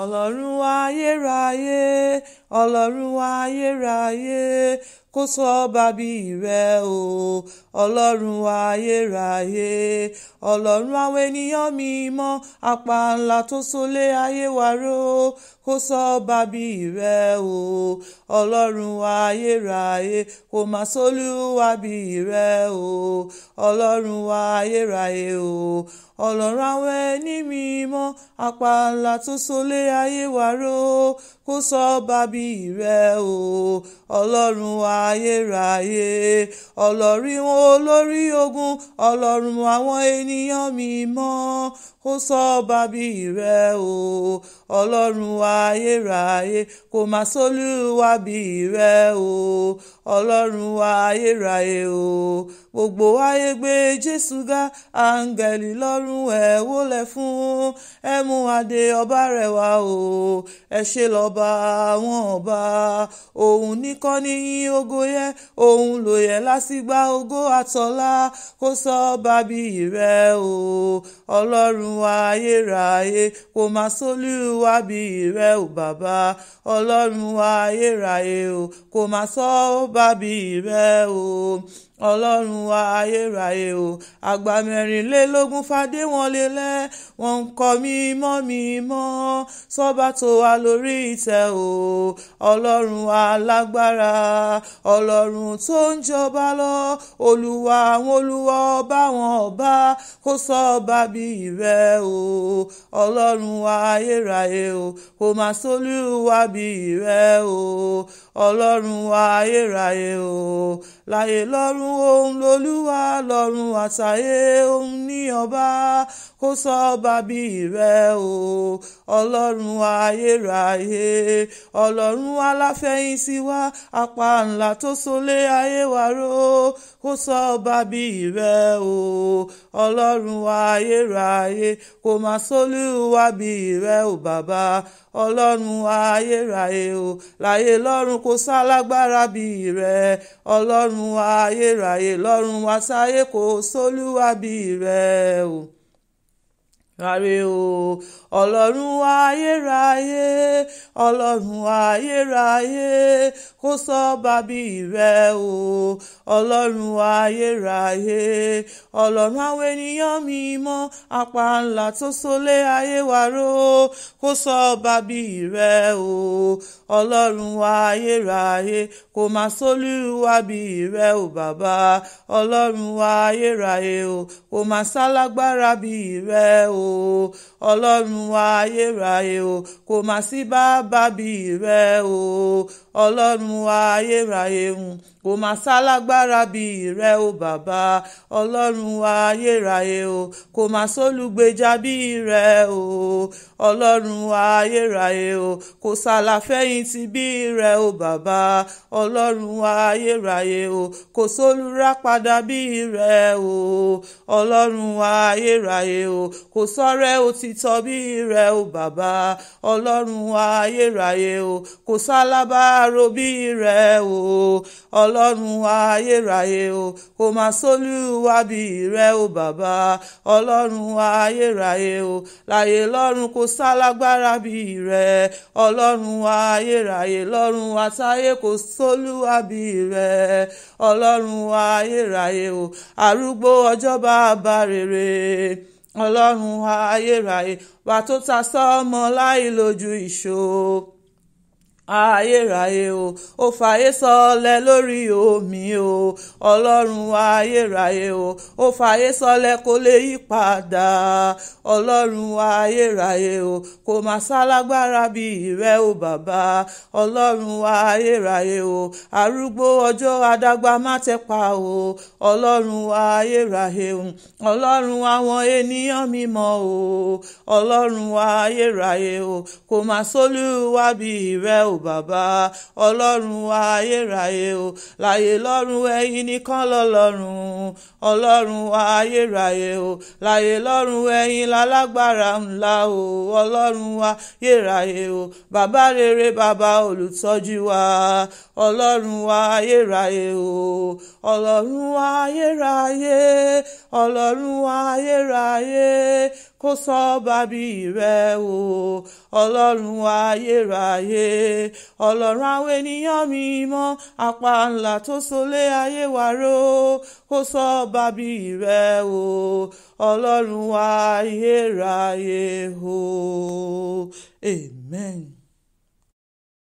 ọlọ́run ayérayé ọlọ́run ayérayé kó sọ bàbí rẹ o ọlọ́run ayérayé ọlọ́run àwọn ènìyàn mímọ́ àpàlà tó sólé ayé wa ró kó sọ bàbí rẹ o ọlọ́run ayérayé kò má sólúwa bí rẹ o ọlọ́run ayérayé o ọlọ́run àwọn ẹni mímọ́ àpàlà tó sólé ayé wa ró kó sọ bàbí rẹ o ọlọ́run ayérayé ayérayé ọlọ́rí wọn olórí ogun ọlọ́run àwọn ènìyàn mímọ́ ó sọ bàbí rẹ̀ o ọlọ́run ayérayé kò má sólúwa rẹ o ọlọ́run ayérayé o gbogbo ayé gbé jésù ga áńgẹ́lì lọ́rùn ẹ̀ wólẹ̀ fún ẹ mú adé ọba rẹwà o ẹ ṣe lọ́ba àwọn ọba òun nìkan níyìn ògo yẹ òun ló yẹ lásìgbà ògo àtọ́lá kò sọ bàbí rẹ o ọlọ́run ayérayé kò má sólúwa olúwa bí ìrẹ ò bàbá ọlọ́run ayérayé o kò má sọ ó bá bí ìrẹ o ọlọ́run wa ayérayé o àgbà mẹ́rìnlélógún fàdéwọlé lẹ́ wọ́n ń kọ́ mímọ́ mímọ́ sọ́ba tó wà lórí ìtẹ́ o ọlọ́run alágbára ọlọ́run tó ń jọba lọ olúwa àwọn olúwa ọba àwọn ọba kó sọ ọba bí ìrẹ o ọlọ́run wa ayérayé o kò má sólúwa bí ìrẹ o ọlọ́run wa ayérayé o láyé lọ́run òun lolúwa lọ́run àtayé òun ní ọba kó sọ ọba bí rẹ o ọlọ́run ayérayé ọlọ́run aláfẹ̀yìntì wa apá ńlá tó solé ayé wa ró kó sọ ọba rẹ o ọlọ́run ayérayé kò má sólúwa bí rẹ o bàbá ọlọ́run ayérayé o láyé lọ́run kò sálágbára bí rẹ ọlọ́run ayérayé ráyè lọ́rùn wá sáyé kò sólúwàbí rẹ̀ o. Àrè o, ọlọ́run ayérayé, ọlọ́run ayérayé, kó sọ bàbí rẹ o, ọlọ́run ayérayé, ọlọ́run àwọn ènìyàn mímọ́, apàǹlà tó sólé ayé wa ró, kó sọ bàbí rẹ o, ọlọ́run ayérayé, kó máa sólúwa rẹ o bàbá, ọlọ́run ayérayé o, kó máa sálágbára bí rẹ o o ọlọ́run wa ayérayé o kò má sí bàbá bí rẹ o ọlọ́run wa ayérayé o kò má sálágbára bíi rẹ o bàbá ọlọ́run wa ayérayé o kò má sólùgbèjà bíi rẹ o ọlọ́run wa ayérayé o kò sàlàfẹ̀yìntì bíi rẹ o bàbá ọlọ́run wa ayérayé o kò sólùrápadà bíi rẹ o ọlọ́run wa ayérayé o kò sọ́rẹ́ òtítọ́ bíi rẹ o bàbá ọlọ́run wa ayérayé o kò sálábàárò bíi rẹ o ọlọ́run ayérayé o kò má sólúwa bí rẹ o bàbá ọlọ́run ayérayé o láyé lọ́run kò sálágbára bí rẹ ọlọ́run ayérayé lọ́run àtayé kò sólúwa bí rẹ ọlọ́run ayérayé o arúgbó ọjọ́ bàbá rere ọlọ́run ayérayé wà tó ta sọ́mọ láì lójú ìṣó ayérayé o ó fàyè sọlẹ̀ lórí omi o ọlọ́run ayérayé o ó fàyè sọlẹ̀ kó lè yí padà ọlọ́run ayérayé o kò má sálágbára bí ìrẹ́ o bàbá ọlọ́run ayérayé o arúgbó ọjọ́ adágbà má tẹpa o ọlọ́run ayérayé o ọlọ́run àwọn ènìyàn mímọ́ o ọlọ́run ayérayé o kò má sólúwa bí ìrẹ́ o bàbá ọlọ́run ayérayé o láyé lọ́run ẹ̀yin nìkan lọ́lọ́run ọlọ́run ayérayé o láyé lọ́run ẹ̀yin lálágbára ńlá o ọlọ́run ayérayé o bàbá rere bàbá olùtọ́jú wa ọlọ́run ayérayé o ọlọ́run ayérayé ọlọ́run ayérayé kó sọ bàbí rẹ o ọlọ́run ayérayé ọlọ́run àwọn ènìyàn mi mọ́ apá ńlá tó solé ayé wa ró kó sọ bàbí rẹ o ọlọ́run wa ayérayé o amen.